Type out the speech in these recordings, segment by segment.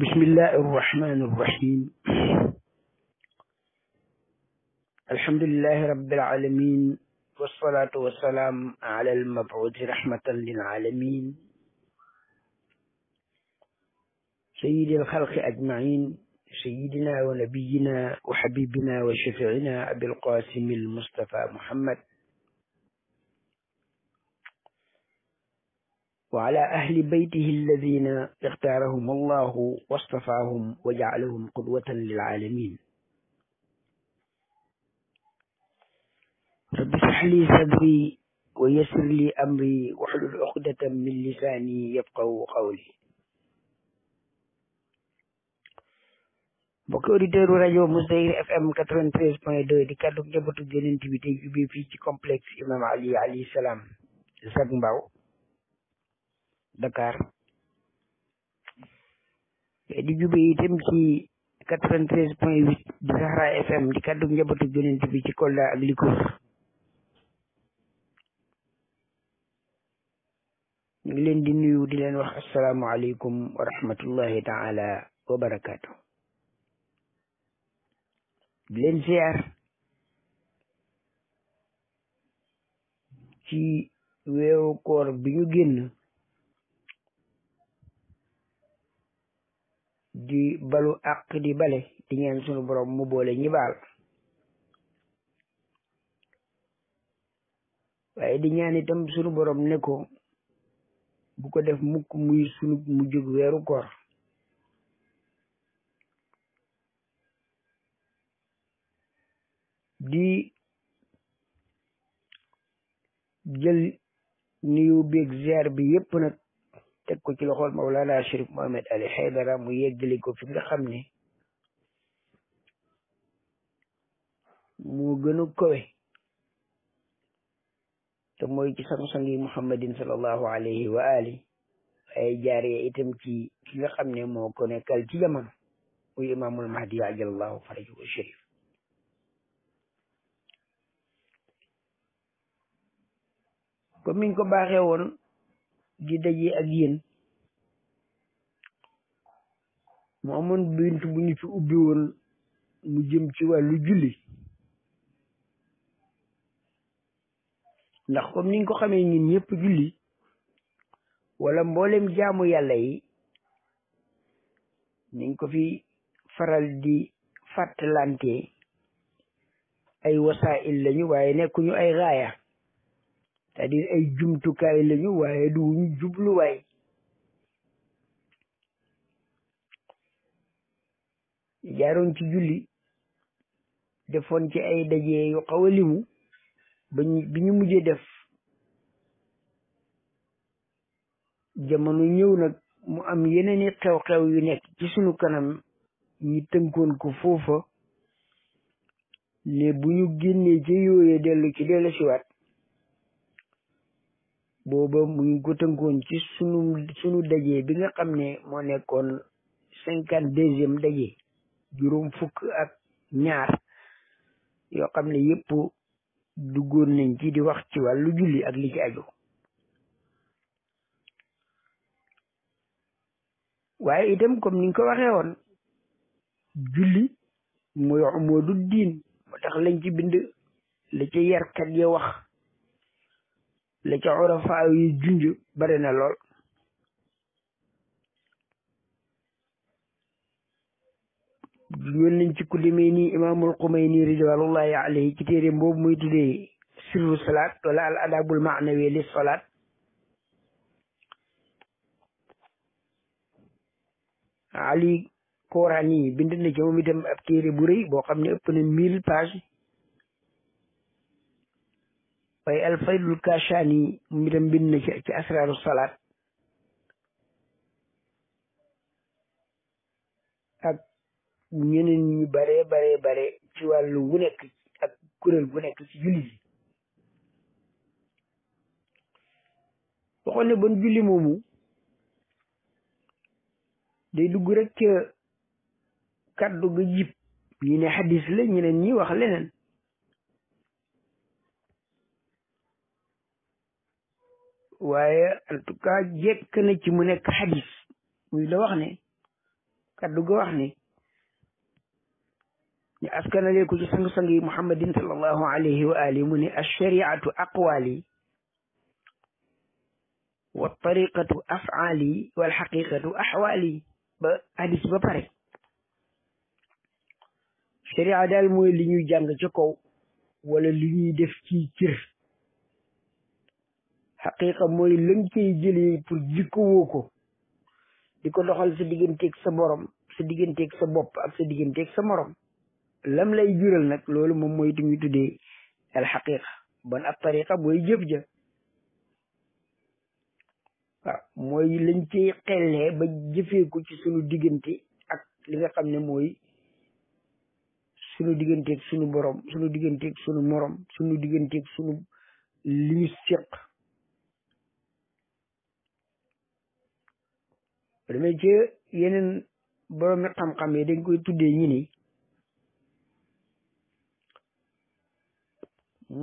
bismillahi irrahmani irrahim alhamdulilahi rabilalamin walsalatu wassalaam ala almabuuti rahmatan lilaalamin sayidi alxalqi ajmain sayidina wa nabiyina wa xabibina wa shafiina abilqasimi almustafa muhammad wa ala ahli baytihi alladina ixtaarahum allahu wastafaahum wa jaalahum qudwatan lil aalamin rabbi shrah li sadri wa yassir li amri wahlul uqdatan min lisaani yafqahu qawli mbokki auditeur u rajo Mousdahir FM 93.2 di kàddu njabootu Yonent bi tey jubee fii ci complexe imam ali alayhi salaam zac mbaw Dakar di jube itam ci 93 point 8 di Sahara FM di kàddu njabootu Yonent bi ci Kolda ak li ko ñu ngi leen di nuyu di leen wax asalaamaaleykum wa rahmatullahi taala wa barakaatu di leen ziar ci weeru bi ñu génn di balu àq di bale di ñaan sunu borom mu boole ñi baal waaye di ñaan itam sunu borom ne ko bu ko def muk muy sunu mu jóg weeru koor di jël nuyu beeg ziar bi yépp teg ko ci loxol Mawlana Chérif Mohamed Ali mu yeggali ko fi nga xam ne moo gën a kowe te mooy ci sang-sang yi Muhammadin sallallahu alayhi wa itam ci ki nga xam ne moo ko nekkal ci jamono muy imaamul mahdi ajalallahu farajahu ko baaxee woon di daje ak yéen mu amoon bu ñu fi mu jëm ci wàllu juli ndax comme niñ ko xamee ñun ñëpp julli wala mboolem jaamu yàlla yi niñ ko fi faral di fàttalante ay wasail lañu waaye nekkuñu ay gaaya cest ay jumtukaay lañu waaye du wuñ jubluwaay jaaroon ci julli defoon ci ay daje yu xaw a limu bañ bi ñu mujjee def jamano ñëw nag mu am yeneeni xew-xew yu nekk ci sunu kanam ñi tënkoon ku foofa ne bu ñu génnee ci yooye dellu ci dellu siwaat booba mu ngi ko ci sunu sunu daje bi nga xam ne moo nekkoon cinquante deuxième daje juróom fukk ak ñaar yoo xam ne yëpp duggoon nañ ci di wax ci wàllu julli ak li ci aju waaye itam comme ni nga ko waxee woon moo du diin moo tax lañ ci bind la ci yarkat ya wax la ca urafaa yi junj na lool ñun nañ ci ku demee nii imaamul Xumayni ridwanullahi alayhi ci téere boobu muy tuddee sirru salaat wala al adabul maanawi li salaat Ali Koraani bind na ci moom ab téere bu boo xam ne ëpp na mille pages waaye alfaydul kashaani mi dem bind na ci ci asraaru salaat ak ñeneen ñu bare bare bare ci wàllu wu nekk ak kuréel gu nekk ci julli yi waxoon ne bon julli moomu day dugg rek ca kàddu ga jib ñi ne xadis ñi wax leneen waaye en tout cas ci mu nekk xadis muy la wax ne kaddu ga wax ne ñu askanale ko ci sang-sang yi muhammadin sallallahu alayhi wa alihi aqwali wa tariqatu afaali wal ba hadis ba pare sharia daal mooy li ñuy jàng wala li def ci cër xaqiqa mooy lañ cay jëlee pour jikkowoo ko di ko doxal sa digganteeg sa borom sa digganteeg sa bopp ak sa digganteeg sa morom lam lay jural nag loolu moom mooy tamit tuddee al xaqiqa bon a tariqa mooy jëf ja waaw mooy lañ cay ba jëfee ko ci sunu diggante ak li nga xam ne mooy sunu digganteeg sunu borom sunu digganteeg sunu morom sunu digganteeg sunu li ñu demee ci yeneen boroomi xam-xam yi dañ koy tuddee ñi ni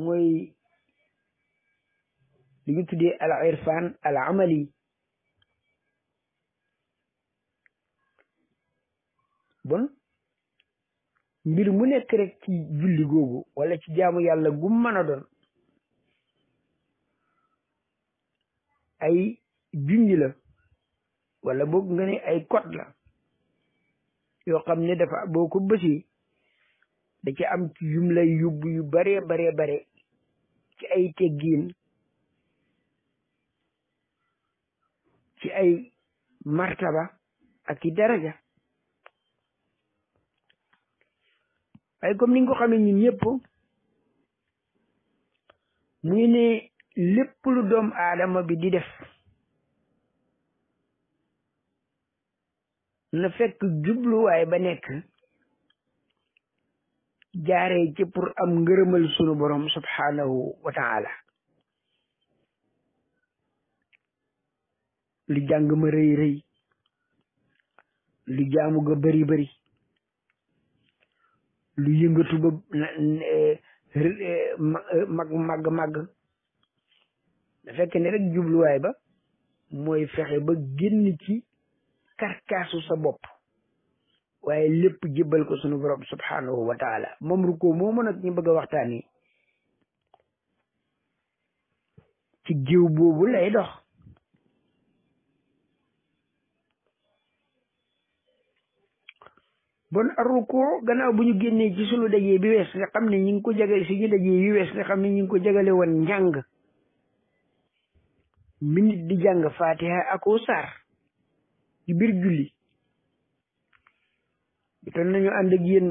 mooy li ñu tuddee al irfan al amali bon mbir mu nekk rek ci julli googu wala ci jaamu yàlla gu mën doon ay junj la wala boog nga ay code la yoo xam ne dafa boo ko bësee da ci am yum lay yóbbu yu baree baree bare ci ay teggiin ci ay martaba ak ci daraja waaye comme ni ko xamee ñun ñëpp mu ne lépp lu doom aadama bi di def na fekk jubluwaay ba nekk jaaree ci pour am ngërëmal sunu borom subhaanahu wa taala lu jàng ma rëy rëy lu jaamu ga bari bari lu yëngatu ba e, e, mag mag mag na fekk ne rek jubluwaay ba mooy fexe ba génn ci karkaasu sa bopp waaye lépp jébbal ko sunu borom subhanahu wa taala moom rukkoo moomu nag ñu bëgg a waxtaani ci géew boobu lay dox bon arruko gannaaw bu ñu génnee ci sunu dajee bi wees nga xam ne ñi ngi ko jagal suñu dajee bi wees nga xam ne ñi ngi ko jagale woon njàng minit di jàng fatiha ako sar ci biir julli jotoon nañu ànd ak yéen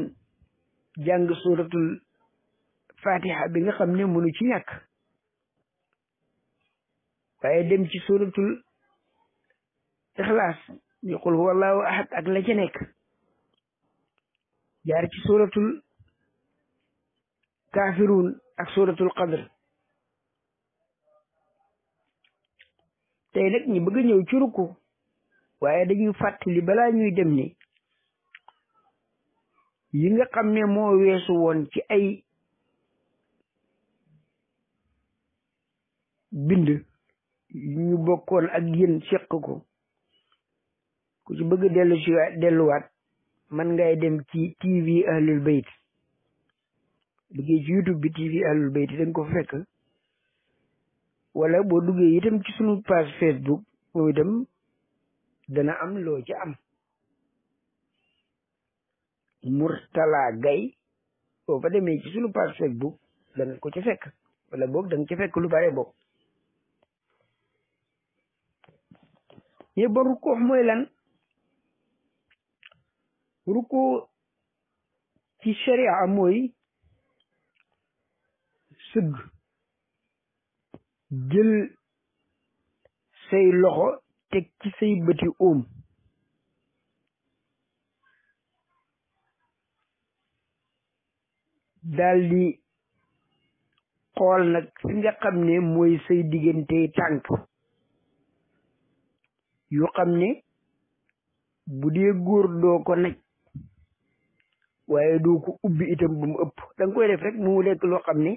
jàng suratul fatiha bi nga xam ne mënu ci ñàkk waaye dem ci suratul ixlaas ya qul huwa allahu ak la ca ci suratul kaafiruun ak suratul qadr tey nag ñu bëgg a ñëw ci waaye dañuy fàttali balaa ñuy dem ni yi nga xam ne moo weesu woon ci ay bind ñu bokkoon ak yéen seq ko ku ci bëgg dellu si delluwaat man ngay dem ci TV Ahlul Bayt liggéey ci YouTube bi TV Ahlul Bayt dañ ko fekk wala boo duggee itam ci sunu page Facebook moom itam dana am loo ci am Mourtala Gaye boo fa demee ci sunu page Facebook danga ko ci fekk wala boog danga ci lu bare boog ye ba rukkoox mooy lan rukkoo ci sharia mooy sëgg jël say loxo teg ci say bëti óom daldi xool nag fi nga xam ne moy say diggante tànk yu xam ne bu dee góor doo ko naj waaye doo ko ubbi itam bu mu ëpp da koy def rek mu nekk loo xam ne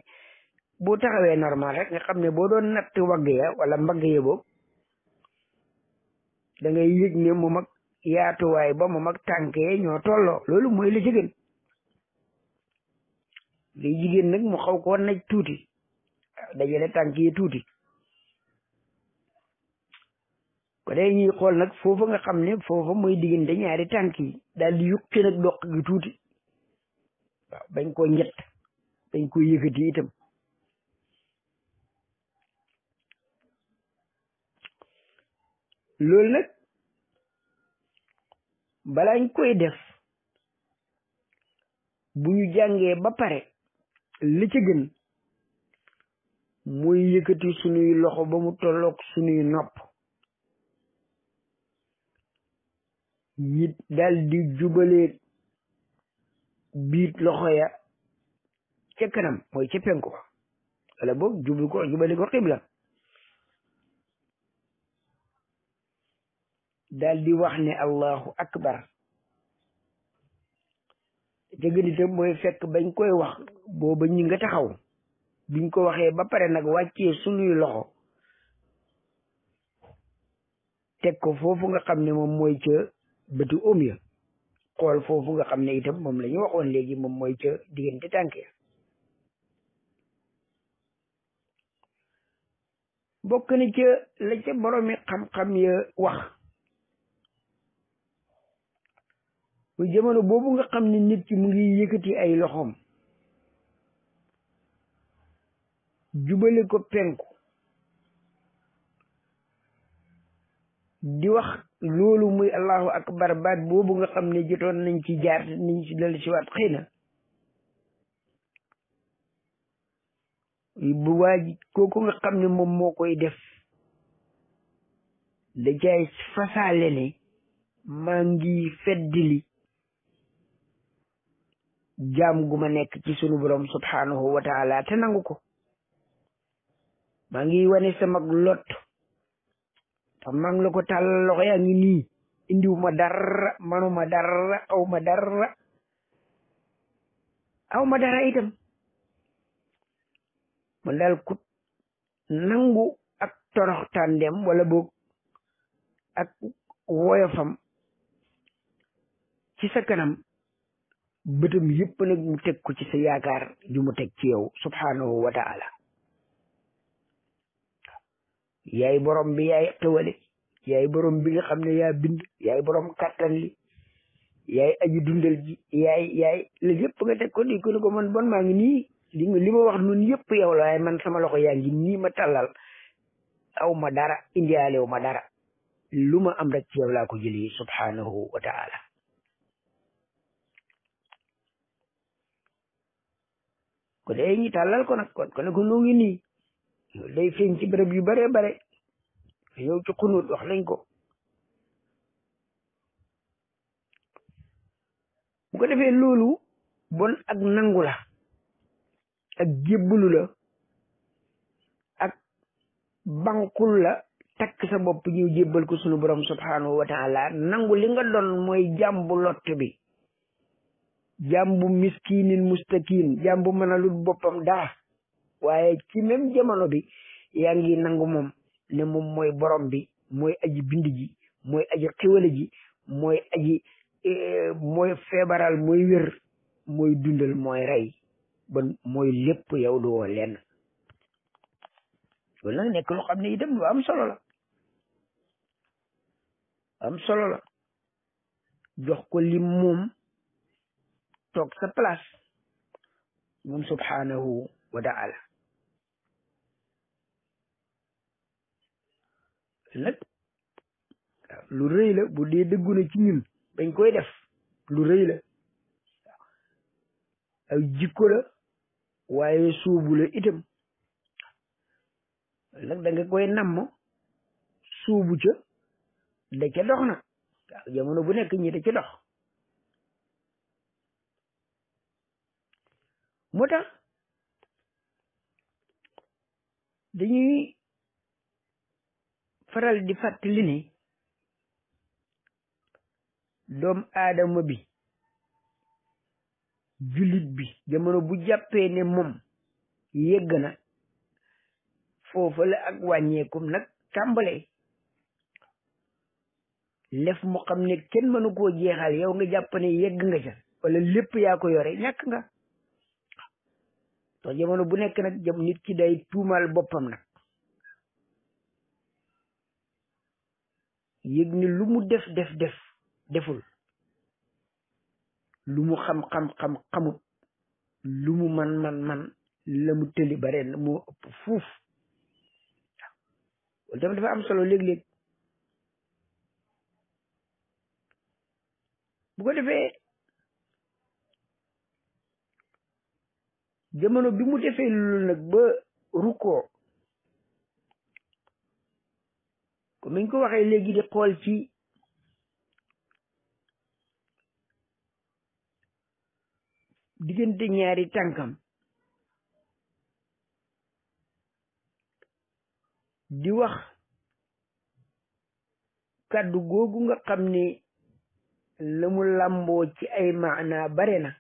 boo taxawee normal rek nga xam ne boo doon natt wagg ya wala mbagg ya boobu da ngay yëg ne moom ak yaatuwaay ba moom ak tànk yee ñoo tolloo loolu mooy la ci gën day jigéen nag mu xaw ko naj tuuti dajale tànk yi tuuti ko day ñuy xool nag foofa nga xam ne foofa mooy diggante ñaari tànk yi daal di yuqi nag doq gi tuuti waaw bañ koo njett bañ koo yëkkati itam loolu nag balaa ñu koy def bu ñu jàngee ba pare li ci gën mooy yëkkati loxo ba mu tolloog sunuy nopp nit dal di jubalee biit loxo ya ca kanam mooy ca penku wala boog jublu ko jubali ko xibla daal di wax ne allahu akbar jëgënitam mooy fekk bañ koy wax booba ñi nga taxaw biñ ko waxee ba pare nag wàccee sunuy loxo teg ko foofu nga xam ne moom mooy ca bëtu om ya xool foofu nga xam ne itam moom la waxoon léegi moom mooy ca diggante tànk ya bokk na ca la ca boroomi xam-xam ya wax muy jamono boobu nga xam ne nit ki mu ngi yëkkati ay loxoom jubale ko penku di wax loolu muy allahu akbar baat boobu nga xam ne jotoon nañ ci jaar nañ ci dal ci waat xëy na bu kooku nga xam ne moom moo koy def da jaay fasaale ne maa ngi feddili jaam gu ma nekk ci sunu borom subhanahu wa te nangu ko maa ngi wane sama lot te maa ngi la ko tàllal loxo yaa ngi nii ma dara manuma dara awma dara awma dara itam man daal ku nangu ak toroxtaan dem wala boog ak woyofam ci sa kanam bëtam yëpp nag mu teg ko ci sa yaakaar ju mu teg ci yow subhaanahu wa taala yaay borom bi yaay xewale yaay borom bi nga xam ne yaa bind yaay borom kattan li yaay aji dundal ji yaay yaay la yëpp nga teg ko di ko ne ko man bon maa ngi nii li ma wax nun yëpp yow la waaye man sama loxo yaa ngi nii ma tàllal aw ma dara indiaalew ma dara lu ma am rek ci yow laa ko jëlee subhaanahu ko dee ñi tàllal ko nag kon ko ne ko nii loolu day feeñ ci béréb yu bare bare yow ci xunóot wax lañ ko bu ko defee loolu bon ak nangu la ak jébbalu la ak bankul la takk sa bopp ñëw jébbal ko sunu borom subhanahu wa taala nangu li nga doon mooy jàmbu lott bi jaam bu miskiinin mustakiin jaam bu boppam daa waaye ci même jamono bi yaa ngi nangu moom ne moom mooy borom bi mooy aji bind ji mooy aji xiwale ji mooy aji e, mooy feebaral mooy wér moy dundal mooy rey ban mooy lépp yow du woo lenn loolu nag nekk loo xam ne itam lu am solo la am solo la jox ko lim toog sa place moom subhanahu wa lu rëy la bu dee dëggu na ci ñun dañ koy def lu rëy la ay waaye suubu la itam nag da nga koy namm suubu ca da ca dox na waaw jamono bu nekk ñi da ca dox moo tax dañuy faral di fàttali ne doom aadama bi jullit bi jamono bu jàppee ne moom yegg na foofa la ak wàññeekum nag tàmbalee lef moo xam ne kenn mënu koo jeexal yow nga jàpp ne yegg nga ca wala lépp yaa ko yore ñàkk nga te jamono bu nekk nag jam nit ki day tuumal boppam nag yëg ni lu mu def def def deful lu mu xam-xam-xam xamut lu man man man la mu tëli bare na fuuf waaw am solo léeg-léeg bu ko defee jamono bi mu defee loolu nag ba rukkoo comme niñ ko waxee léegi di xool ci diggante ñaari tànkam di wax kàddu googu nga xam ne la mu làmboo ci ay maana bare na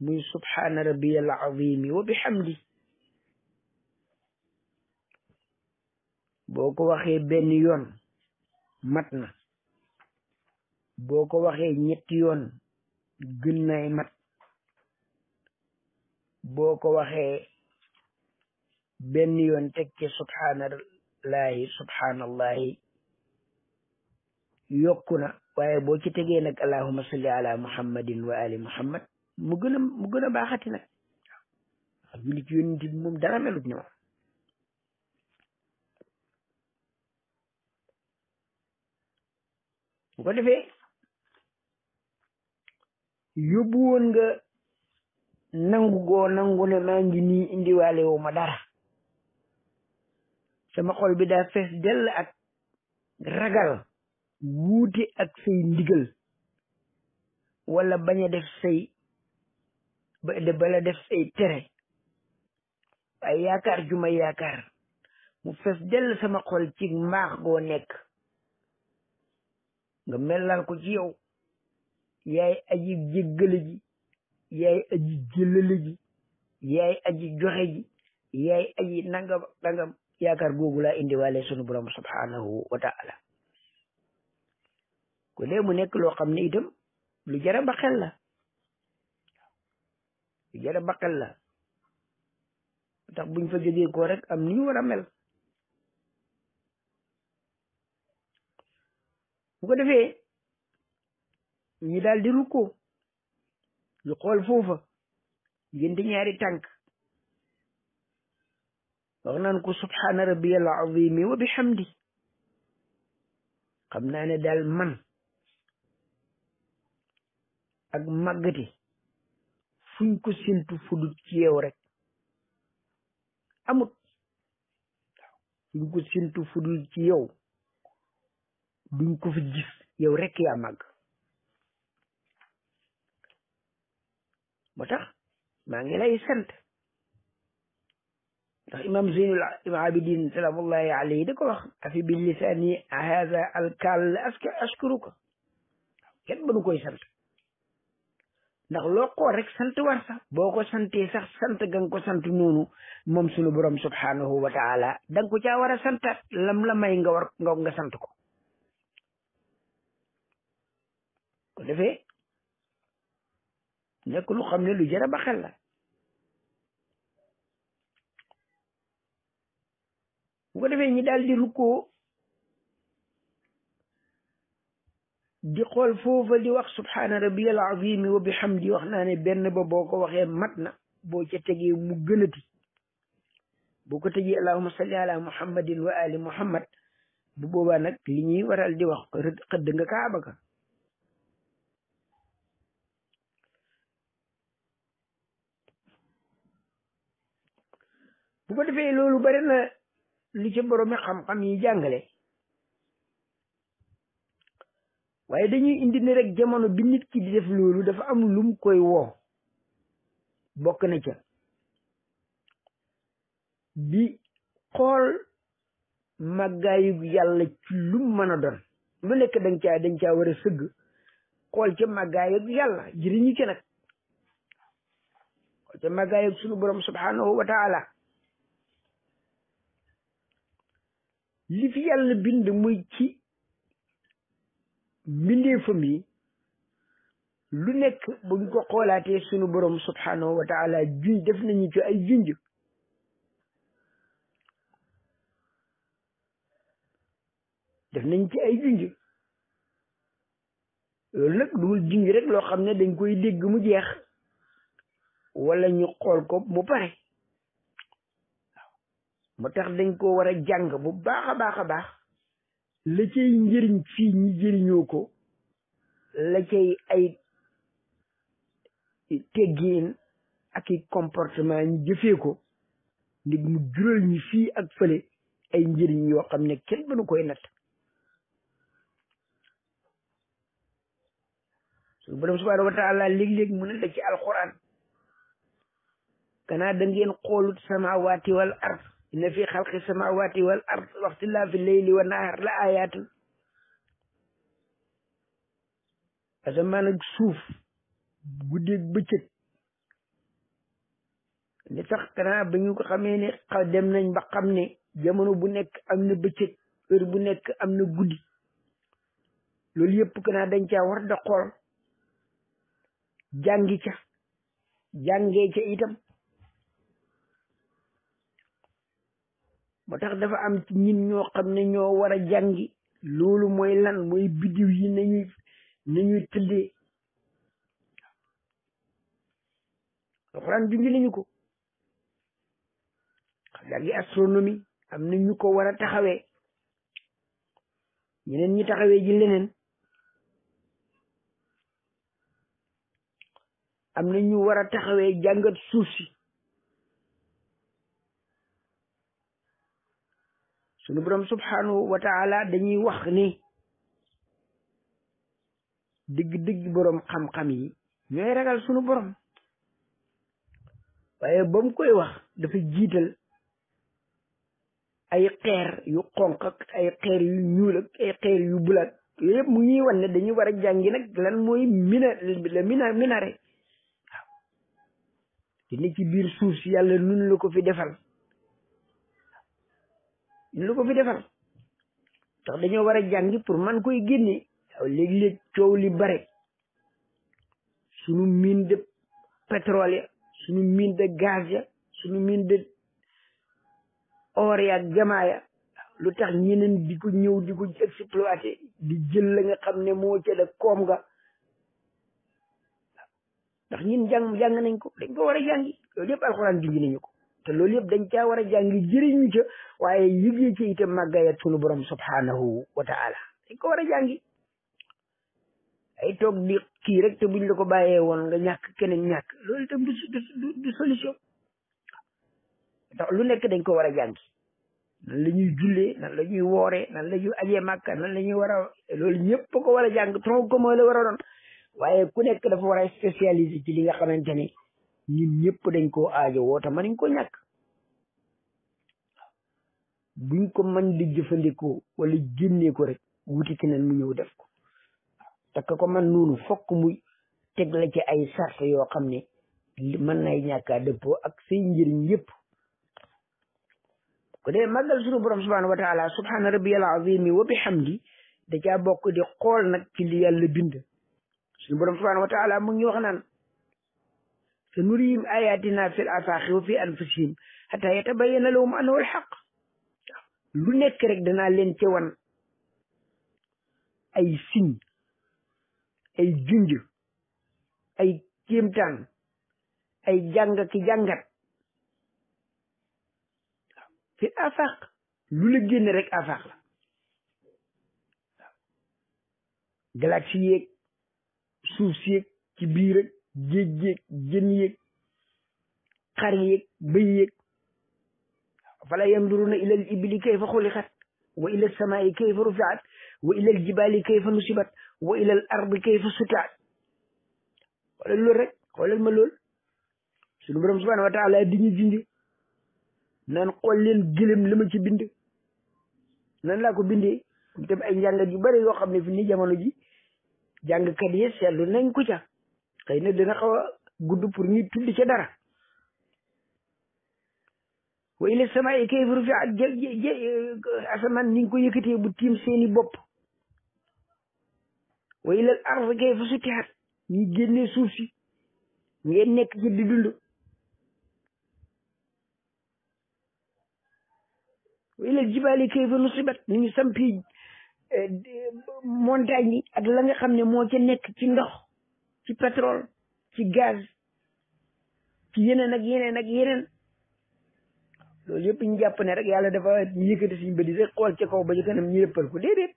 muy subhaana rabbiyal azimi wa bihamdi boo ko waxee benn yoon mat na boo ko waxee ñetti yoon gën nay mat boo ko waxee benn yoon teg ci subhaanallahi subhaanallahi yokku na waaye boo ci tegee nag allahuma salli ala muhammadin wa ali muhammad mu gën a mu gën a baaxati nag waaw julli ci yonent bi moom dara melut ni moom bu ko defee yóbbu woon nga nangu goo nangu ne maa ngi nii indiwaale wu ma dara sama xol bi daa fees dell ak ragal wuute ak say ndigal wala bañ a def say bala def ay tere waaye yaakaar ju ma mu fees dell sama xol ci mbaax goo nekk nga melal ko ci yow yaay aji jéggale ji yaay aji jëlale ji yaay aji joxe ji yaay aji nangam nangam yaakaar googu laa indiwaale sunu borom subhanahu wa taala ko mu nekk loo xam ne itam lu jara ba la jara baqel la buñ fa jógee ko rek am ni ñu war a mel bu ko defee ñi daal di rukkoo ñu xool foofa yénti ñaari tànk wax naan ko subhaana rabbiyal azimi wa bihamdi xam naa ne daal man ak màggati fuñ ko séntu fudut ci yow rek amut waaw fuñ ko séntu ci yow duñ ko fi gis yow rek yaa màgg moo tax maa ngi lay sant ndax imam zeynul abidin salaamullahi alayhi da ko wax afi bi lisaani hada alkal la aska ashkuruka kenn ba nu koy sant ndax looko ko rek sant war sax boo ko santee sax sant ga ko sant noonu moom sunu borom subhaanahu wa taala da nga ko caa war a santaat la may nga war nga sant ko ko defee nekk lu xam ne lu jara ba ko defee ñi daal di rukkoo di xool foofa di wax subhaana rabbiyal azimi wa bihamdi wax naa ne benn ba boo ko waxee mat na boo ca tegee mu gënati boo ko tegee allahuma salli ala muhammadin wa ali muhammad bu boobaa nag li ñuy waral di wax xëdd nga kaaba ka bu ko defee loolu bari na li ci boroomi xam-xam yi jàngale waaye dañuy indi ne rek jamono bi nit ki di def loolu dafa am lum koy woo bokk na ca bi xool màggaayu yàlla ci lum mën a doon lu nekk dañ caa dañ caa war a sëgg xool ca màggaayu yàlla jëriñu ca nag xool ca màggaayu sunu borom subhanahu wa taala li fi yàlla bind muy ci mbindeefam yi lu nekk buñ ko xoolaatee sunu borom subhanahu wa taala junj def nañu ci ay junj def nañ ci ay junj loolu nag dul junj rek loo xam ne dañ koy dégg mu jeex wala ñu xool ko mu pare mu tax dañ ko wara a bu baax a baax a baax la cay njëriñ fii ñi jëriñoo ko la cay ay teggiin ak i comportement ñi jëfee ko ndig mu jural ñi fii ak fële ay njëriñ yoo xam ne kenn mënu koy natt suñu borom subhaanahu wa taala léeg-léeg mu ne la ci alquran kanaa da ngeen xoolut samawaati wal ard inna fi xalqi samawati wal ard waxtilaafi leyli wa nahaar la ayatin asamaan ak suuf guddeeg bëccëg ni sax kanaa ba ñu ko xamee ne xa dem nañ ba xam ne jamono bu nekk am na bëccëg heure bu nekk am na guddi loolu yëpp kanaa dañ caa war da xool jàngi ca jàngee ca itam moo tax dafa am ci ñoo xam ne ñoo war a jàngi loolu mooy lan mooy biddiw yi nañuy nañuy tëddee alxuraan junj nañu ko jàngi astronomie am na ñu ko war a taxawee ñeneen ñi am na ñu war a taxawee jàngat suuf si sunu borom subhanahu wa taala dañuy wax ni digg-digg borom xam-xam yi ñooy ragal sunu borom waaye ba koy wax dafa jiital ay xeer yu xonq ak ay xeer yu ñuul ak ay xeer yu bulaak yooyu yëpp mu ñuy dañuy war a jàngi nag lan mooy mina la mina minare waaw te ci biir suuf si yàlla nun la ko fi defal lu ko fi defal tax dañoo war a jàngi pour man koy génne waaw léegi-léeg coow li bare suñu mine de pétrole ya suñu mine de gaz ya suñu mine de or ya ak ya lu tax ñeneen di ñëw di ko exploité di jël la xam ne moo ca da koom nga ndax ñin jàng jàng nañ ko dañ ko war a jàngi loolu yëpp alxuraan junj nañu ko te loolu yëpp dañ caa war a jàngi jëriñu ca waaye yëgee ci itam màggayat sunu borom subhaanahu wa taala dañ ko war a jàngi ay toog di kii rek te buñ la ko bàyyee woon nga ñàkk keneen ñàkk loolu te du solution ndax lu nekk dañ ko war a jàngi nan la ñuy jullee nan la ñuy wooree nan la ñuy ajee màkka nan la ñuy war a loolu ñëpp ko war a jàng tronc commun la war a waaye ku nekk dafa war a spécialisé ci li nga xamante ni ñun ñëpp dañ koo aajo woo te mënuñ ko ñàkk buñ ko man di jëfandikoo wala génnee ko rek wuti keneen mu ñëw def ko te ka ko man noonu fokk mu teg ci ay sart yoo xam ne mën nay ñàkkaa dëppoo ak say njëriñ yëpp ko dee màggal sunu borom subhanahu wa taala subhaana rabbiyal azimi wa bihamdi da caa bokk di xool nag ci li yàlla bind sunu borom subhanahu wa mu ngi wax sanurihim ayatina fil afaqi wa fi anfusihim hatta yatabayyana lahum annahu alhaq lu nekk rek danaa leen ci ay siñ ay junj ay kéemtaan ay jàng ki jàngat fi afaq lu la génne rek afaq la suuf si yeeg géej géej jën yéeg xar yéeg bëy yéeg fala yanduruna ilal ibili kayfa xuliqat wa ilal samaai kayfa rufiat wa ilal jibaali kayfa nusibat wa ilal ardi kayfa sutaat xoolal loolu rek xoolal lool suñu borom subhanahu wa taala di ñu junj naan xool leen gëlëm la ci bind nan laa ko bindee tam ay njàngat yu bari yoo xam ne fi ni jamono ji jàngkat yi seetlu nañ ko ca xëy na dina xaw a gudd pour ñu tudd dara wa ila samaay kayfa rufiat jë jë asamaan ni nga ko yëkkatee bu tiim bopp wa ila ard kayfa sutihat ñi génnee suuf si ngeen nekk ci di dund wa ila jibaali kayfa nusibat ni sampi eh, montagne ak la nga xam ne moo ca nekk ci ndox ci pétrole ci gaz ci yeneen ak yeneen ak yeneen loolu yëpp ñu jàpp ne rek yàlla dafa ñu yëkkati suñu bëri rek xool ci kaw ba ci kanam ñu rëppal ko déedéet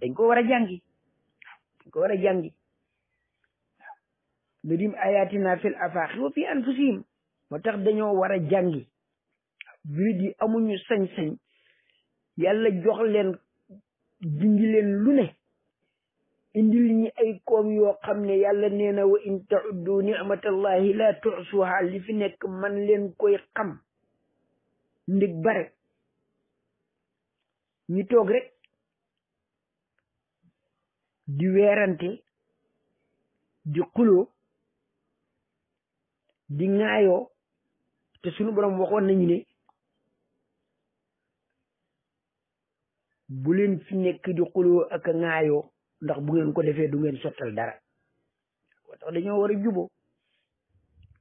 dañ ko war a jàngi dañ ko war a mu waaw nurim ayatina fil afaaxi wa fi anfusihim moo tax dañoo war a jàngi jurit yi amuñu sañ-sañ yàlla jox leen lu ne indil ñi ay koom yoo xam ne yàlla nee na wa in tauddu nicmatallahi la tuxsuha li fi nekk man leen koy xam ndig bare ñi toog rek di weerante di xuloo di ŋaayoo te sunu borom waxoon nañu ne bu leen fi nekk di xuloo ak a ŋaayoo ndax bu ngeen ko defee du ngeen sottal dara moo tax dañoo war a juboo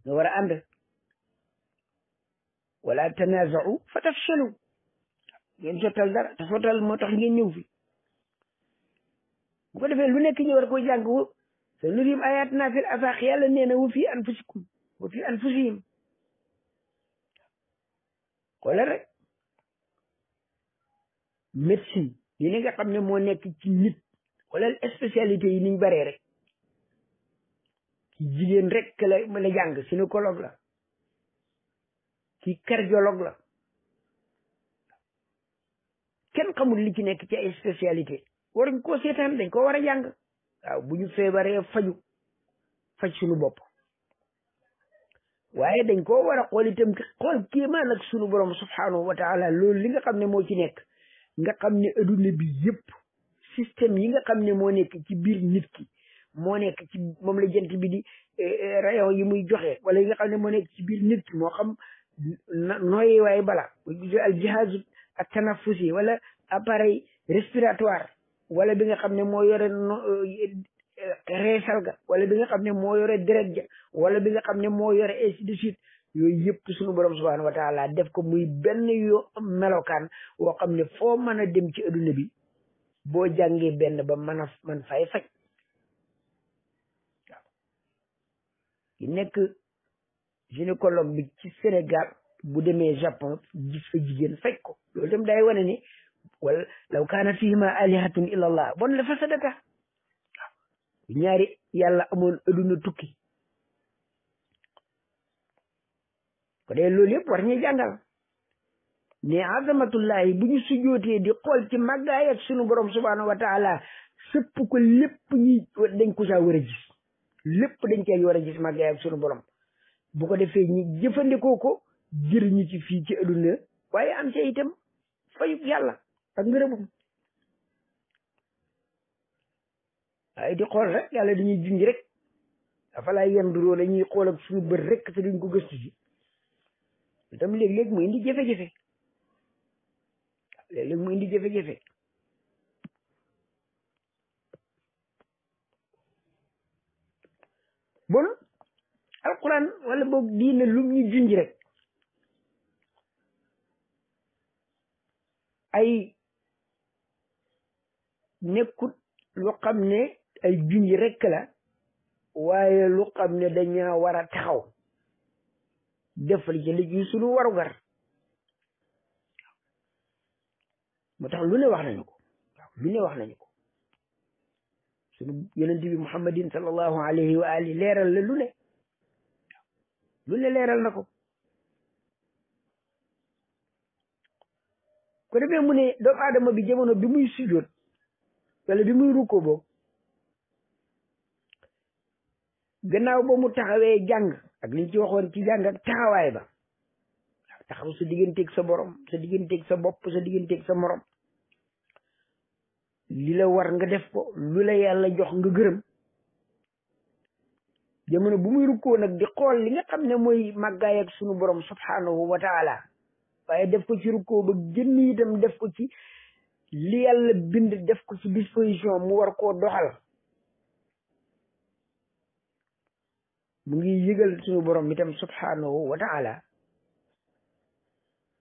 ñoo war a ànd fa tafshalu ngeen sottal dara te sottal moo tax ngeen ñëw fi bu defee lu nekk ñu war koy jàng wo sa nurihim ayatina fil afaq yàlla nee na wa fi anfusikum wa fi anfusihim rek médecine yi nga xam ne moo nekk ci nit wala spécialité yi niñ baree rek ki jigéen rek la mën a jàng la ki cardiologue la kenn xamul li ci nekk ci ay spécialité koo seetaan dañ ko war a jàng waaw bu ñu feebaree faju faj suñu bopp waaye dañ koo war a xool itam xool kéemaan ak sunu borom subhanahu wa lool li nga xam ne moo ci nekk nga xam ne adduna bi yëpp système yi nga xam ne moo nekk ci biir nit ki moo nekk ci moom la jant bi di eh, eh, rayon yi muy joxe wala yi nga xam ne moo nekk ci biir nit ki moo xam nooyee waaye bala al jihaazu ak tanafusi wala appareil respiratoire wala bi nga xam ne moo yore eh, reesal ga wala bi nga xam ne moo yore deret ja wala bi nga xam ne moo yore ainsi de suite yooyu yëpp suñu borom subhanahu wa taala def ko muy benn yoo melokaan woo xam ne foo mën a dem ci adduna bi boo jàngee benn ba mën a man fay faj waaw ki nekk Sénégal bu demee Japon gis fa jigéen faj ko loolu tam day wane wala law kaana fihima alihatun illa bon la fasadata waaw ñaari yàlla amoon aduna tukki ko dee loolu yëpp war ñuy jàngal ne azamatullahi bu ñu sujootee di xool ci màggaay ak sunu borom subhaanahu wa taala sëpp ko lépp ñi dañ ko saa war a gis lépp dañ cee war a gis màggaay ak sunu borom bu ko defee ñi jëfandikoo ko jëriñu ci fii ci adduna waaye am ca itam fayub yàlla ak ngërëmum waaye di xool rek yàlla dañuy junj rek dafa lay yenduroo la ñuy xool ak suñu bët rek te duñ ko gëstu ci itam léeg-léeg mu indi jafe-jafe léeg-léeg mu indi jafe-jafe bon alquran wala boog diina lum ñu rek ay nekkut lu xam ne ay junj rek la waaye lu xam ne da war a taxaw defal ci liggéey sunu warugar moo tax lu ne wax nañu ko waaw lu ne wax nañu ko sunu yonent bi muhammadin sallallahu alayhi wa ali leeral la lu ne lu ne leeral na ko ko defee mu ne doomu aadama bi jamono bi muy sujjoot wala bi muy rukkoo boobu gannaaw ba mu taxawee jàng ak liñ ci waxoon ci jàng ak taxawaay ba taxaw sa digganteeg sa borom sa digganteeg sa bopp sa digganteeg sa morom li la war nga def ko lu la yàlla jox nga gërëm jamono bu muy rukkoo nag di xool li nga xam ne mooy màggaay ak sunu borom subhanahu wa taala waaye def ko ci rukkoo ba génn itam def ko ci li yàlla bind def ko ci disposition mu war ko doxal mu ngi yëgal sunu borom itam subhanahu wa taala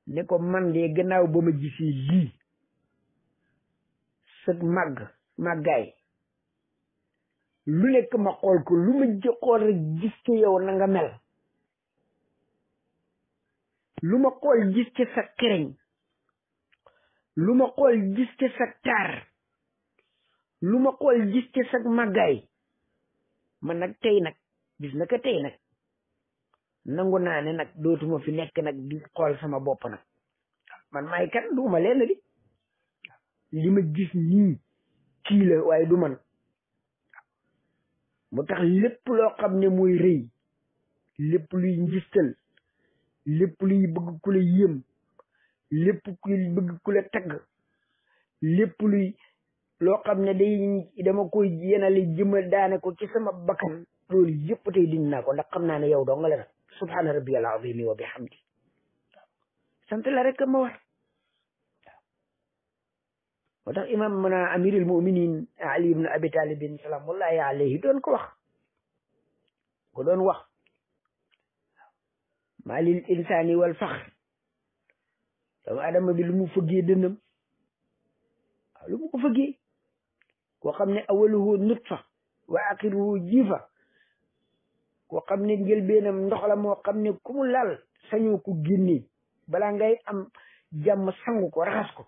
ne ko man de gannaaw ba ma gisee lii sëg màgg màggaay lu nekk ma xool ko lu ma jëkkoon rek gis ci yow na nga mel lu ma xool gis ci sa këriñ lu ma xool gis ci sa taar lu ma xool gis màggaay man nag tey nag gis na ko tey nag nangu naa ne nag dootuma fi nekk nag di xool sama bopp nag man maay kan duuma leen di li ma gis nii kii la waaye du man mu tax lépp loo xam ne mooy rëy lépp luy njistal lépp luy bëgg ku la yéem lépp luy bëgg ku la tagg lépp luy loo xam ne day dama koy yenale jëma daane ko ci sama bakkan loolu yëpp tey diñ naa ko ndax naa ne yow doo nga la nag subhaana rabbiyal azimi wa bihamdi sant la rek ma war moo tax imam mën a ali ibn abi talibin salaamullahi alayhi doon ko wax ko doon wax maa lil insani wal faxr adama bi lu mu fëggee dënnam waaw lu mu ko fëggee koo xam ne awaluhu nutfa wa axiruhu jiifa koo xam ne njëlbeenam ndox la moo xam ne ku mu laal sañoo ko génne balaa ngay am jàmm sangu ko raxas ko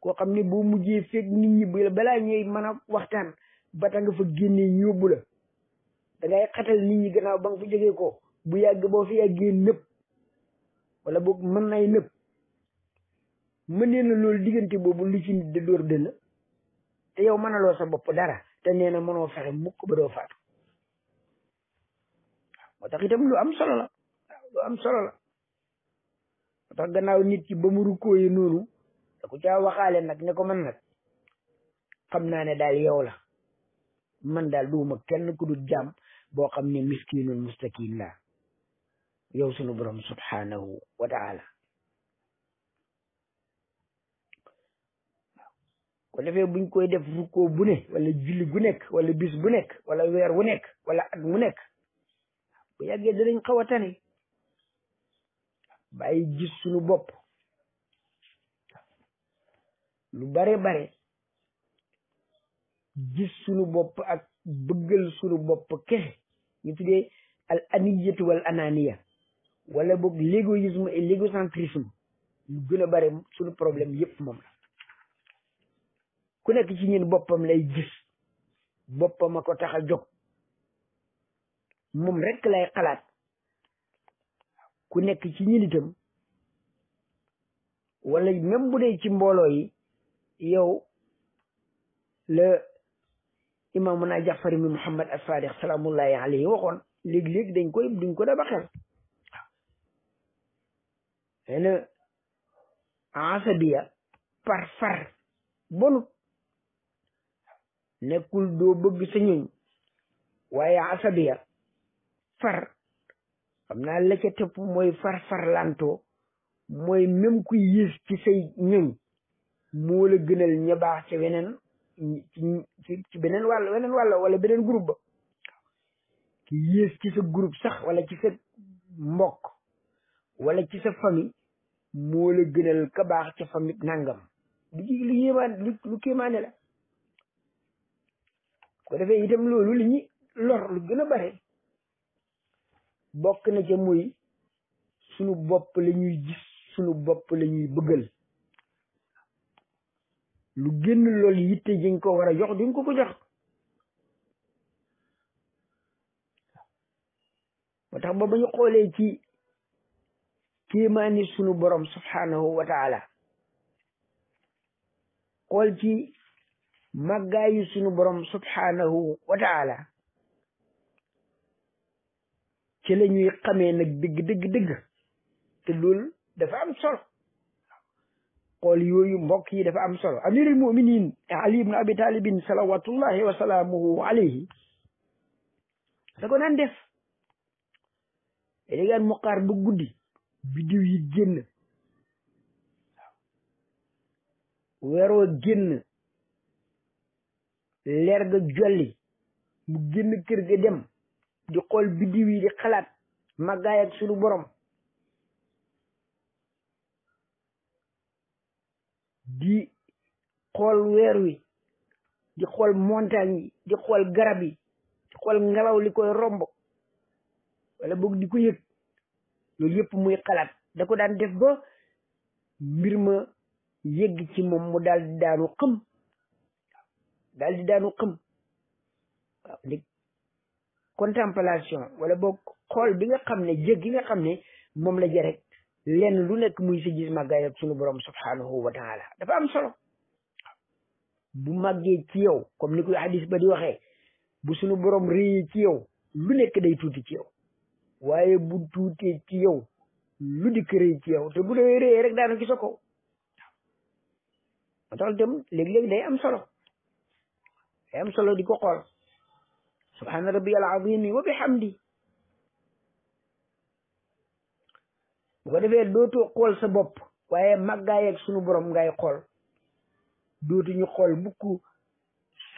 koo xam ne boo mujjee fekk nit ñi balaa ñuy mën a waxtaan ba ta nga fa génnee ñóbbu la da xatal nit ñi gannaaw ba nga fa jógee ko bu yàgg boo fi yàggee nëpp wala boog mën nay nëpp mënee na loolu diggante boobu lu ci nit da dóor dënn te yow mënaloo sa bopp dara te nee na mënoo fexe mukk ba doo faatu moo tax itam lu am solo lu am solo la moo tax gannaaw nit ki ba mu rukkooyee noonu da ko caa nag ne ko man nag xam naa ne daal yow la man daal duuma kenn ku dul jàmm boo xam ne miskinul mustakin la yow sunu borom subhanahu wa taala ko defee buñ koy def rukkoo bu wala julli gu nekk wala bis bu nekk wala weer wu nekk wala at mu nekk bu yàggee danañ xaw tane bàyyi gis sunu bopp lu bare bare gis sunu bopp ak bëggal sunu bopp kese ñu tuddee al aniyatu wal ananiya wala boog l'égoïsme et l'égocentrisme lu gën a bare sunu problème yëpp moom la ku nekk ci ñun boppam lay gis boppam a ko tax a moom rekk lay xalaat ku nekk ci ñun itam wala même dee ci mbooloo yi yow la imaamuna jafar ibn muhammad as-sadiq salaamullahi alayhi waxoon léeg dañ koy duñ ko daba xel waaw len asabiya par far bonut nekkul doo bëgg sa ñoñ waaye asabiya far xam na la ca tëpp mooy far farlantoo mooy même ku yées ci say ñoñ moo la gënal ña baax ca weneen ci ci beneen wàll weneen wàll wala beneen groupe ba ki yées ci sa groupe sax wala ci sa mbokk wala ci sa famille moo la ka baax ca famille nangam li lu yéemaan lu lu kéemaane la ko defee itam li ñuy lor lu gën a bokk na ca muy sunu bopp la ñuy gis sunu bopp la ñuy bëggal lu génn loolu yitte ji ko war a jox di nga ko ko jox moo tax ba ba ñu xoolee ci kéemaani sunu borom subhanahu wa taala xool ci màggaayu sunu borom subhanahu wa taala ci la ñuy xamee nag dëgg dëgg dëgg te loolu dafa am sol xool yooyu mbokk yi dafa am solo amirul muminin ali ibnu abi talibin salawatullahi wa salaamuhu alayhi da ko daan def léegaan mu xaar ba guddi biddiw yi génn waaw weroo génn leer ga jolli mu génn kër ga dem di xool biddiw yi di xalaat màggaay ak sunu borom di xool weer wi di xool montagne yi di xool garab yi di xool ngelaw li koy romb wala bog di ko yëg loolu yëpp muy xalaat da ko daan def ba mbir ma yëgg ci moom mu daal di daanu xëm daal di daanu xëm waaw wala boog xool bi nga xam ne jëg gi nga xam ne moom la jarek lenn lu nekk muy si gis màggaay ak sunu borom subhanahu wa taala dafa am solo bu màggee ci yow comme ni koy ba di waxee bu sunu borom réyee ci yow lu nekk day tuuti ci yow waaye bu tuutee ci yow lu dikk réy ci yow bu dee réyee rek daana gisa ko moo tax dem léeg-léeg day am solo day am solo di rabbi al azimi wa bihamdi bu ko defee dootoo xool sa bopp waaye màggaay ak sunu borom ngay xool dootuñu xool bukk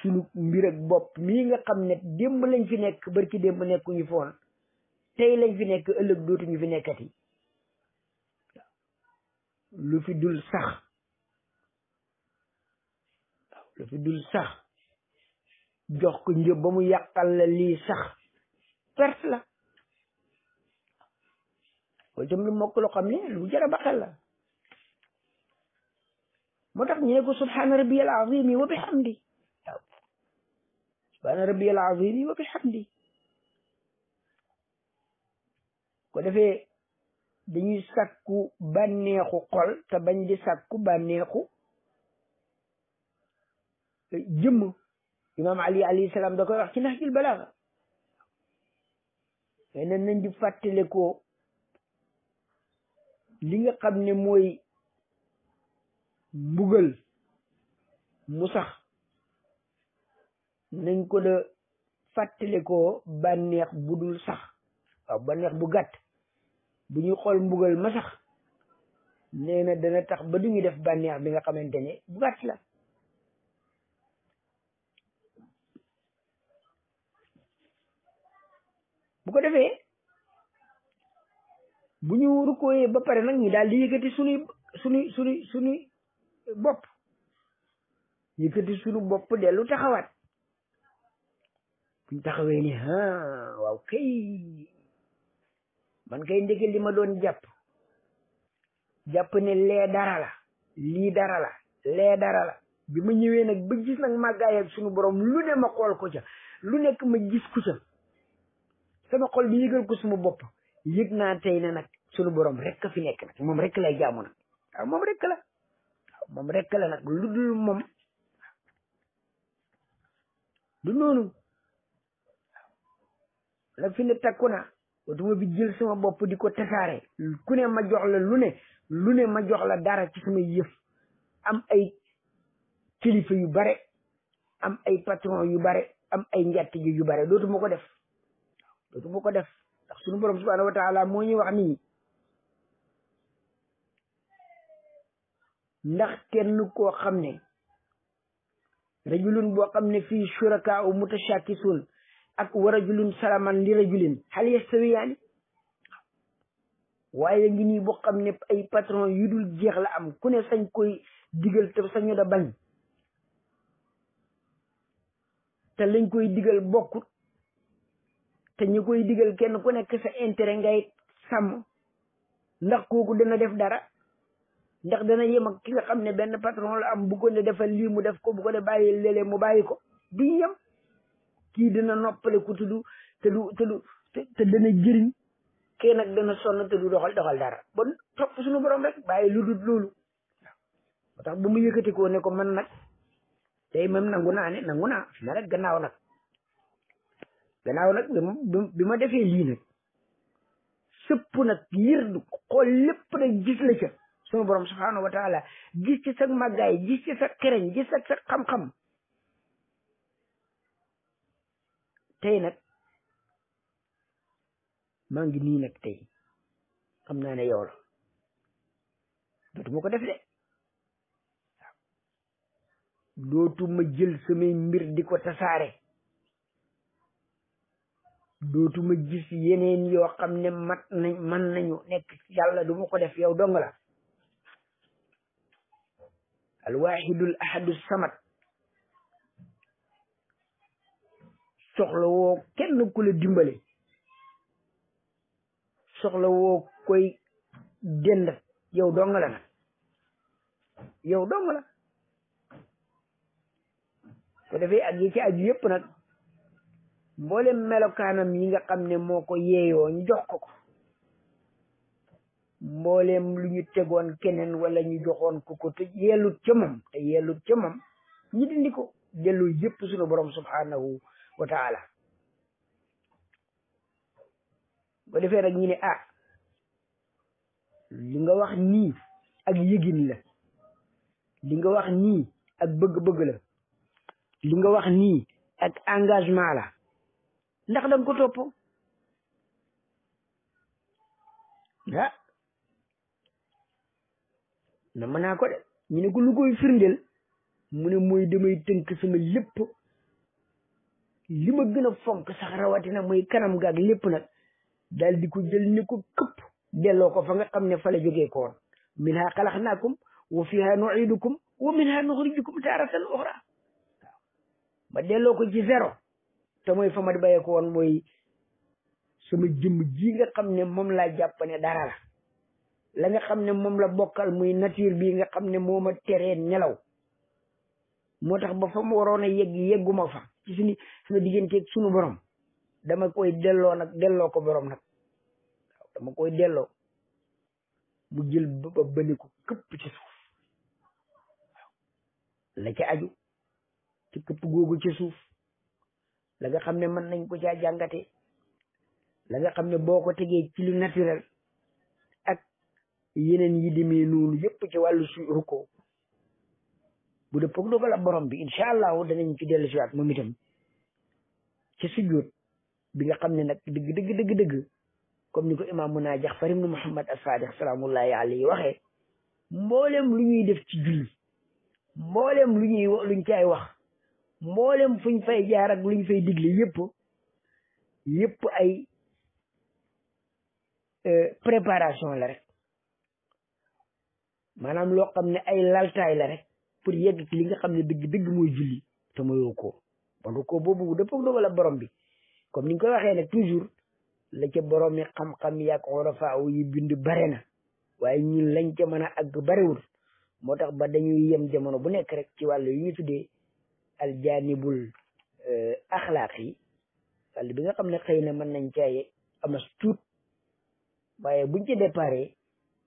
sunu mbir ak bopp mii nga xam ne démb lañ fi nekk barki démb nekkuñu foon tey lañ fi nekk ëllëg dootuñu fi nekkati lu fi dul sax lu fi dul sax jox ko njëb ba mu yàqal la lii sax perte la loolu itam lu mokk loo xam ne lu jar a moo tax ñu ne ko subhaana rabbiyal azimi wa bihamdi waaw subhaana rabbiyal azimi wa bihamdi ko defee dañuy sàkku bànneexu xol te bañ di sàkku bànneexu jëmm imaam ali alayhi salaam da koy wax ci naxjul balaaga mais nañ di fàttale li nga xam ne mooy mbugal mu sax nañ ko da fàttale ko bànneex bu dul sax waaw bànneex bu gàtt bu ñuy xool mbugal ma sax nee na dana tax ba duñu def bànneex bi nga xamante ne bu gàtt la bu ko defee bu ñu rukkooyee ba pare nag ñu daal di yëkkati suñuy suñuy suñuy suñuy bopp yëkkati sunu bopp dellu taxawaat buñ taxawee ni ah waaw kay man kay ndeke li ma doon jàpp jàpp ne lee dara la lii dara la lee dara la bi ma ñëwee nag ba gis nag màggaay ak suñu borom lu ne ma xool ko ca lu nekk ma gis ko ca sama xol bi yëgal ko suma bopp yëg naa tey ne nag sunu borom rek fi nekk nag moom rek lay jaamu nag waaw moom rek la waaw moom rek la nag lu dul moom du noonu la fi ne takku na watuma bi jël sama bopp di ko tasaare ku ne ma jox la lu ne lu ne ma jox la dara ci sama yëf am ay kilifa yu bare am ay patron yu bare am ay njàtt yu bare dootuma ko def dootuma ko def ndax suñu moo ñuy wax nii ndax kenn koo xam ne rajulun boo xam ne fii shurakaa'u mutashaakisun ak wa rajulun salaman li rajulin hal yastawiyaani waaye ngi nii boo xam ne ay patron yu dul jeex la am ku ne sañ koy digal te sañu da bañ te lañ koy digal bokkut te ñu koy digal kenn ku nekk sa intérêt ngay sàmm ndax kooku dana def dara ndax dana yem ak ki nga xam ne benn patron la am bu ko ne defal lii mu def ko bu ko ne bàyyi léeg-léeg mu bàyyi ko du yem kii dana noppale ku tudd te du te du te dana jëriñ kii nag dana sonn te du doxal doxal dara bon topp suñu borom rek bàyyi lu dul loolu moo tax bu mu yëkkati ko ne ko man nag tey même nangu naa ne nangu naa fi na rek gannaaw nag gannaaw bi ma defee lii nag sëpp nag yërdu xool lépp nag gis la ca sunu borom subhaanahu wa taala gis ci sa màggaay gis ci sa kereñ gis ak sa xam-xam tey nag maa ngi nii nag tey xam naa ne yow la dootuma ko def de dootuma jël samay mbir di ko tasaare dootuma gis yeneen yoo xam ne mat nañ man nañu nekk yàlla du ma ko def yow dong la alwahidul ahadu samat soxla woo kenn ku la dimbale soxla woo koy dend yow dong la nag yow ko defee ak ci aju yëpp nag mboolem melokaanam yi nga xam ne moo ko yeeyoo ñu jox ko ko mbooleem lu ñu tegoon keneen wala ñu joxoon ko ko te yeelut ca moom te yeelut ca moom ñi dindi ko dellu yëpp suñu borom subhaanahu wa taala ba defee nag ñi ne ah li nga wax nii ak yëgin la li nga wax nii ak bëgg-bëgg la li nga wax nii ak engagement la ndax danga ko topp ah na naa ko de ñu ne ko lu koy firndeel mu ne mooy damay tënk sama lépp li ma fonk sax rawatina muy kanam gaag lépp nag daal di ko jël ni ko këpp delloo ko fa nga xam ne fa la jógee ko woon min ha xalaxnaakum wa fiha nuidukum wa min ha nuxrijukum taaratan uxra waaw ma delloo ko ci zéro te mooy fa ma di bàyyee ko mooy sama jëmm ji nga xam ne moom laa jàpp ne dara la la nga xam ne moom la bokkal muy nature bi nga xam ne moo ma teree nelaw moo tax ba fa ma waroon a yegg yegguma fa ci suñu sama digganteeg suñu borom dama koy delloo nag delloo ko borom nag dama koy delloo mu jël ba bëni ko këpp ci suuf la ca aju këpp googu ci suuf la xam ne man nañ ko caa jàngate la nga xam ne boo ko tegee ci naturel ak yeneen yi demee noonu yëpp ci wàllu su rukkoo bu dee poog dogal ak borom bi incha allahu danañ ci dellu siwaat moom itam ci sujjóot bi nga xam ne nag dëgg dëgg dëgg dëgg comme ni ko imaam mun naa Jaafar ibnu Muhammad as-Saadiq salaamullahi alayhi waxee lu ñuy def ci julli mboolem lu ñuy ñu caay wax mboolem fuñ fay jaar ak luñ fay digle yëpp yëpp ay euh, préparation la rek maanaam loo xam ne ay laltaay la rek pour yegg ci li nga xam ne dëgg dëgg mooy julli te mayoo ko wala ko boobu bu dëppoo dogal ak borom bi comme ni ñu koy waxee na toujours la ca borom mi xam-xam yàq xorofaa yi bind bare na waaye ñun lañ ca ak a àgg moo tax ba dañuy yem jamono bu nekk rek ci wàllu yi ñu tuddee aljaanibul eh, axlaaq yi wàll bi nga xam ne xëy na mën nañ caaye amas tut waaye buñ ci déparé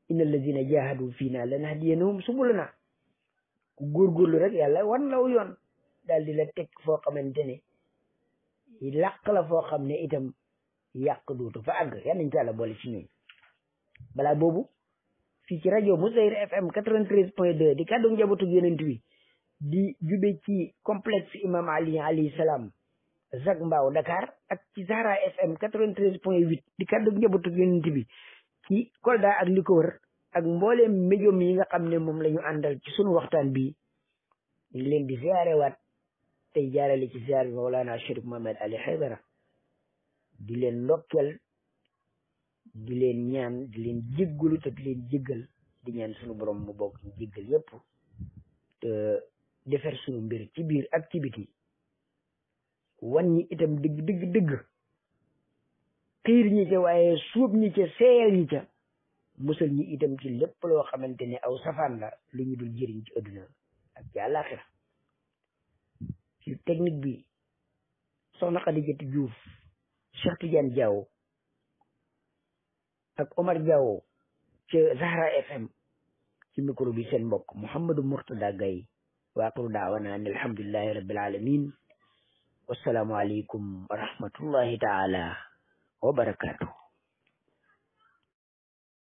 inna allazina jahadu fii naa lanahdiyanahum subulana ku góorgóorlu rek yàlla wan law yoon daal di la teg foo xamante ne làq la foo xam ne itam yàq dootu fa àgg yal nañ ci yàlla boole ci ñun balaa boobu fii ci rajo Moussaïr FM 93 point 2 di kàddu njabootu yonent wi di jube ci complexe imam ali alayhi salaam Zac Mbao Dakar ak ci Zahra FM 93 point 8 di kàddu njabootu yonent bi ci Kolda ak li ak mbooleem médium yi nga xam ne moom la ñu ci sunu waxtaan bi ñu leen di ziyaarewaat te jaarale ci ziyaar bi Mawlana Chérif Mohamed Ali Haydara di leen ndokkeel di leen ñaan di leen jéggalu te di leen jéggal di ñaan sunu borom mu bokk ñu jéggal yépp defar suñu mbir ci biir ak ci biti wan ñi itam dëgg dëgg dëgg ñi ca waaye suub ñi ca seeyal ñi ca musal ñi itam ci lépp loo xamante ne aw safaan la lu ñu dul ci adduna ak ci àllaaxira ci technique bi soxna Xadijati Juuf Cheikh Tidiane Diaw ak Omar Diaw ci Zahra FM ci micro bi seen mbokk Mouhamadou Mourtada Gaye waaqiru daawana an alhamdulillahi rabbil alamin wassalaamu aleykum wa rahmatullahi taala wa barakaatu